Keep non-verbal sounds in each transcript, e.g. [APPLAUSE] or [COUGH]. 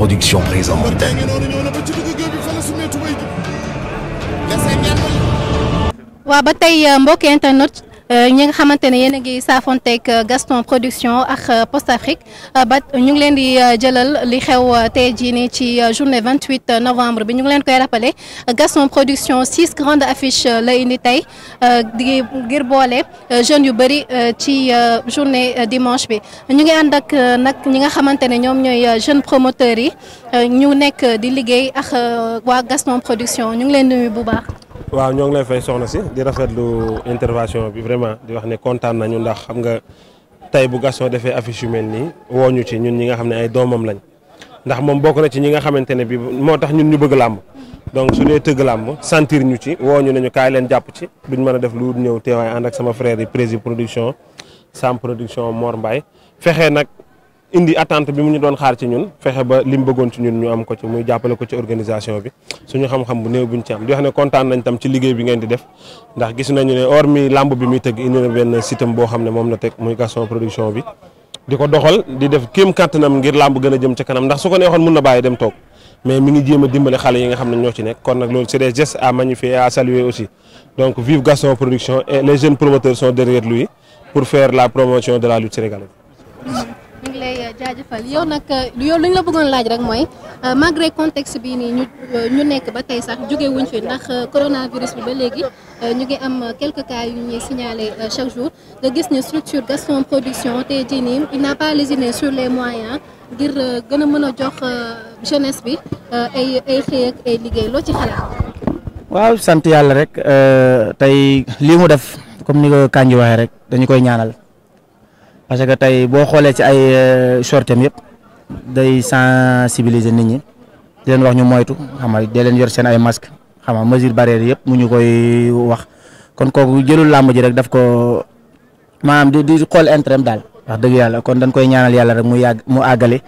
production présente. waaw ba tey euh, mbokk internet ñi nga xamante ne yéen a ngi saafonteeg euh, Gaston Production ak euh, Post Afrique euh, ba ñu ngi leen di jëlal li xew te jii nii ci journée 28 novembre bi ñu ngi leen koy rappelé Gaston Production six grandes affiches la indi tey di ngir boole jeune yu bëri ci journée dimanche bi ñu ngi ànd ak nag ñi nga xamante ne ñoom ñooy jeunes promoteurs yi ñu nekk di liggéey ak waa Gaston Production ñu ngi leen nuyu bu baax. waaw ñoo ngi lay fay soxna si di rafetlu intervention bi vraiment di wax ne kontaan nañu ndax xam nga tey bu Gaston defee affiche yu mel nii woo ñu ci ñun ñi nga xam ne ay doomam lañ ndax moom bokk na ci ñi nga xamante ne bi moo tax ñun ñu bëgg làmb donc su dee tëgg làmb sentir ñu ci woo ñu ne ñu kaay leen jàpp ci lu ñu mën a def lu ñëw teewaay ànd ak sama frère yi prési production sam production Mor Mbaye fexe nag indi attente bi mu ñu doon xaar ci ñun fexe ba li mu bëggoon ci ñun ñu am ko ci muy jàppale ko ci organisation bi suñu xam-xam bu néew buñ ci am di wax ne kontaan nañ tam ci liggéey bi ngeen di def ndax gis nañu ne or mi làmb bi muy tëgg indi na benn système boo xam ne moom na teg muy Gaston production bi di ko doxal di def kéem kàttanam ngir làmb gën a jëm ci kanam ndax su ko neexoon mun na bàyyi dem toog mais mi ngi jéem a dimbale xale yi nga xam ne ñoo ci nekk kon nag loolu c'est des gestes à magnifier et à saluer aussi donc vive Gaston production et les jeunes promoteurs la promotion de la lutte jaajëfal yow nag euh, yow li ñu la bëggoon laaj rek mooy euh, malgré contexte bii nii euh, ñu nekk ba tey sax jóge wuñ fi ndax coronavirus bi ba léegi ñu ngi am quelques cas yu ñuy signalé chaque jour nga gis ne structure Gaston Production tey jii nii il n'a pas lésiné sur les moyens ngir gën a mën a jox jeunesse bi ay ay ay liggéey loo ci xalaat. waaw sant yàlla rek tey lii mu def comme ni ko Kandji waxee rek dañu koy ñaanal. parce que tey boo xoolee ci ay euh, sortem yëpp day sensibiliser nit ñi di leen wax ñu moytu xam nga di leen yor seen ay masque xam nga mesure barrière yëpp mu ñu koy wax kon kooku jëlu làmb ji rek daf ko maanaam di di xool intérêt daal wax dëgg yàlla kon dañ koy ñaanal yàlla rek mu yàgg mu àggale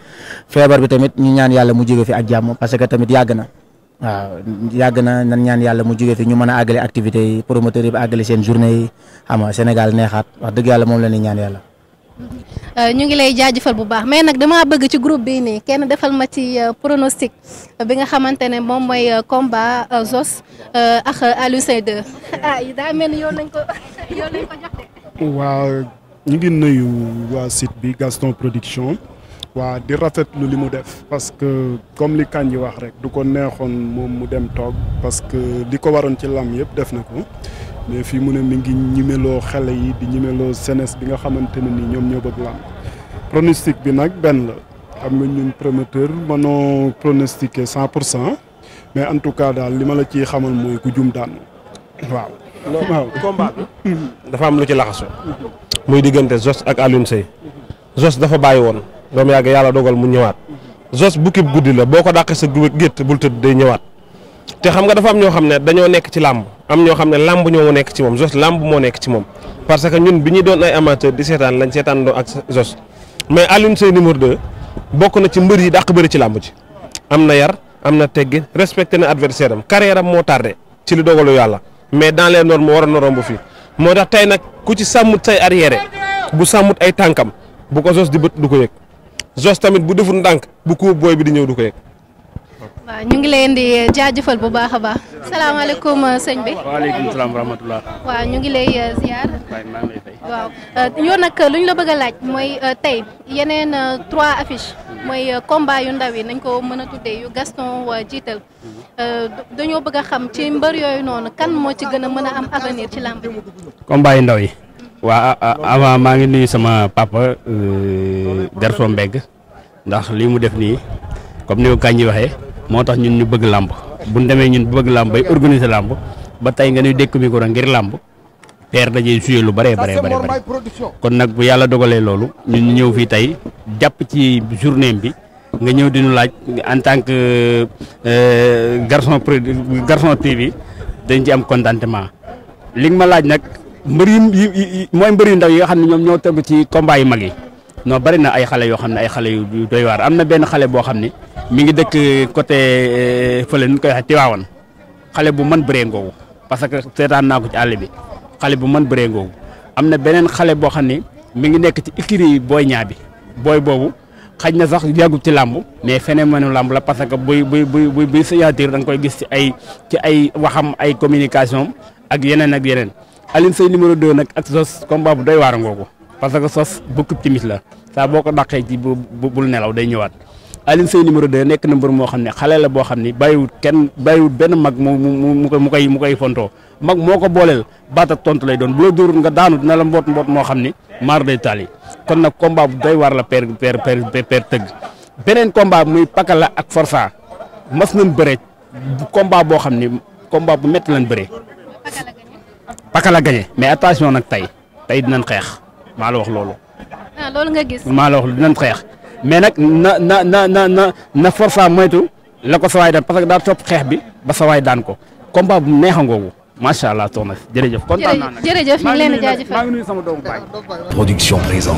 feebar bi tamit ñu ñaan yàlla mu jóge fi ak jàmm parce que tamit yàgg na waaw yàgg na nan ñaan yàlla mu jóge fi ñu mën a àggale activités yi promoteurs yi ba àggale seen journée yi xam nga neexaat wax dëgg yàlla moom la ñuy ñaan yàlla. Euh, ñu ngi lay jaajëfal bu baax mais nag damaa bëgg ci groupe bii nii kenn defal ma ci euh, pronostic euh, bi nga xamante ne moom mooy combat Zos ak Aliou Seye 2 [LAUGHS] ah daa mel ni yoon nañ ko [LAUGHS] waa ñu ngi nuyu waa site bi Gaston Production waa di rafetlu li mu def parce que comme li Kandji wax rek du ko neexoon moom mu dem toog parce que li ko waroon ci lam yëpp def na ko. mais fii mu ne mi ngi ñimeloo xele yi di ñimeloo senes bi nga xamante ne ni ñoom ñoo bëgg làmb pronostic bi nag benn la xam nga ñun promoteur mënoo pronostiquer cent pour cent mais en tout cas daal li ma la ciy xamal mooy ku jum daan waaw. waaw [LAUGHS] dafa am lu ci laxasu muy diggante Zoss ak Alioune Seye. Zoss dafa bàyyi woon. ba yàgg yàlla dogal mu ñëwaat. Zoss bukkib guddi la boo ko dàqee sa gétt bul tëdd day ñëwaat. te xam nga dafa am ñoo xam ne dañoo nekk ci làmb am ñoo xam ne làmb ñoo nekk ci moom Zoss làmb moo nekk ci moom parce que ñun bi ñu doon ay amateur di seetaan lañ seetaandoo ak Zoss mais Alioune Seye numéro 2 bokk na ci mbër yi dàq bëri ci làmb ji am na yar am na teggin respecté na adversaire am carrière am moo tardé ci li dogalu yàlla mais dans les normes waroon na romb fii moo tax tey nag ku ci sàmmut say arrière bu sàmmut ay tànkam bu ko Zoss di bët du ko yëg Zoss tamit bu deful ndànk bu ko booy bi di ñëw du ko yëg waaw ñu ngi leen di jaajëfal bu baax a baax. salaamaaleykum euh, sëñ bi. waaleykum salaam wa ñu ngi lay euh, ziar. waaw euh, yow nag lu ñu la bëgg a laaj mooy tey yeneen trois affiches mooy combat yu ndaw yi nañ ko mën a tuddee yu Gaston jiital dañoo bëgg a xam ci mbër yooyu noonu kan moo ci gën a mën a am avenir ci làmb yi. yu ndaw yi. waa avant maa ngi nuyu sama papa Derso Mbeg ndax lii mu def nii comme ni ko Kañ waxee. moo tax ñun ñu bëgg làmb bu ñu demee ñun bëgg làmb bay organiser làmb ba tey nga ñuy dékk micro ngir làmb teer dajee suyee lu bëree bëree bëri kon nag bu yàlla dogalee loolu ñun ñu ñëw fii tey jàpp ci journée bi nga ñëw dinu laaj en tant que garson euh, pro garçon garçon bi dañ ci am contentement li nga ma laaj nag mbër yi mooy mbër yu ndaw yi nga xam ne ñoom ñoo tëgg ci combat yu mag yi. noo bari na ay xale yoo xam ne ay xale yu doy waar am na benn xale boo xam ne mi ngi dëkk côté euh, fële nu koy waxee Tiwaawan xale bu mën bëree ngoogu parce que seetaan naa ko ci àll bi xale bu mën bëree ngoogu am na beneen xale boo xam ne mi ngi nekk ci écurie booy ñaa bi booy boobu xaj na sax yàggu ci làmb mais phénomène làmb la parce que buy buy buy buy signature da nga koy gis ci ay ci ay waxam ay communication ak yeneen ak yeneen Alioune Seye numéro 2 nag ak sos combat bu doy waar ngoogu parce que sos bu timis la saa boo ko daqee ci bu bul nelaw day ñëwaat. Alioune Seye de nekk na mbër moo xam ne xale la boo xam ne bàyyiwut kenn bàyyiwut benn mag mu mu mu koy mu koy fontoo mag moo ko booleel baat ak tontu lay doon bu la nga daanu dina la mboot mboot moo xam ne maar day taal yi kon nag combat bu doy waar la per per per per tëgg beneen combat muy pakala ak forsa mas nañ bëre combat boo xam ni combat bu métti lañ bëre. pakala gañe mais attention nag tey tey dinañ xeex maa la wax loolu. ah loolu nga gis. maa la wax dinañ xeex. mais nag na na na na na na forfa la ko sawaay daan parce que daa topp xeex bi ba sawaay daan ko combat bu neexa ngoogu macha allah toog na jërëjëf kontaan naa nag jërëjëf ñu ngi leen di jaajëfal maa ngi nuyu sama doomu baay production présente